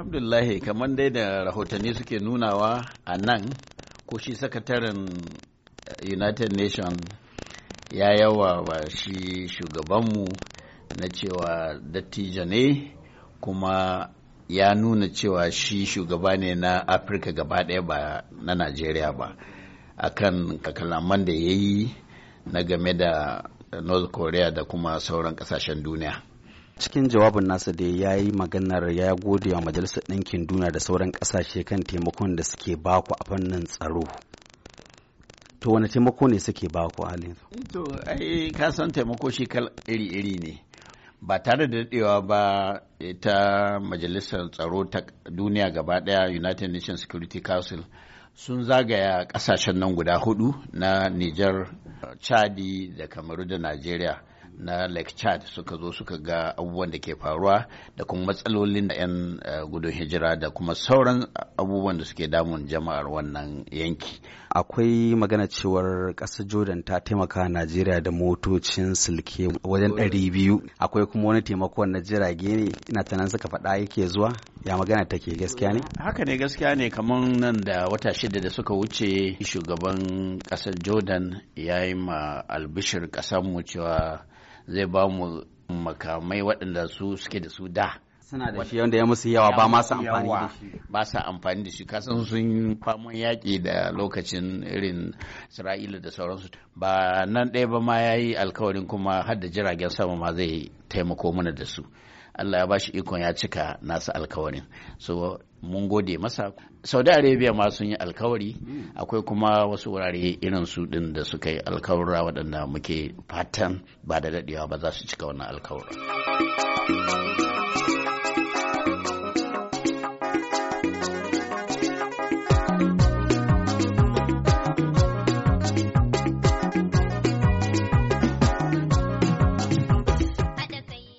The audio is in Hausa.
alhamdulillah kamar dai da rahotanni suke nunawa a nan ko shi sakataren eh, united nations ya yawa ba shi shugabanmu na cewa dattijo ne kuma ya nuna cewa shi shugaba ne na afirka gaba ɗaya ba na nigeria ba a kan kakalaman da ya yi na game da north korea da kuma sauran ƙasashen duniya cikin jawabin nasa da ya yi maganar ya gode wa majalisar ɗinkin duniya da sauran ƙasashe kan taimakon da suke baku a fannin tsaro to wani taimako ne suke baku halin to ai ka san taimako shi kal iri-iri ne ba tare da daɗewa ba ta majalisar tsaro ta duniya gaba ɗaya united nations security council sun zagaya ƙasashen nan guda hudu na niger chadi da kamaru da nigeria na lake chad suka zo suka ga abubuwan da ke faruwa da kuma matsalolin da 'yan eh, gudun hijira da kuma sauran abubuwan da suke damun jama'ar wannan yanki akwai magana cewar ƙasar jordan ta taimaka najeriya da motocin silke wajen 200 akwai kuma wani taimakon na jirage ne ina tunan suka faɗa yake zuwa ya magana take gaskiya ne haka ne gaskiya ne kamar nan da wata shida da suka wuce shugaban ƙasar jordan ya yi ma albishir mu cewa zai ba mu makamai waɗanda su suke da su da suna da shi wanda ya musu yawa ba masu amfani da shi ba sa amfani da shi kasan sun famon yaƙi da lokacin irin isra'ila da sauransu ba nan ɗaya ba ma ya yi alkawarin kuma har jiragen sama ma zai taimako mana da su Allah ya bashi ikon ya cika nasu alkawarin so mun gode masa saudi arabia ma sun yi alkawari akwai kuma wasu wurare irin su din da suka yi alkawura waɗanda muke fatan ba da daɗewa ba za su cika wannan alkawarin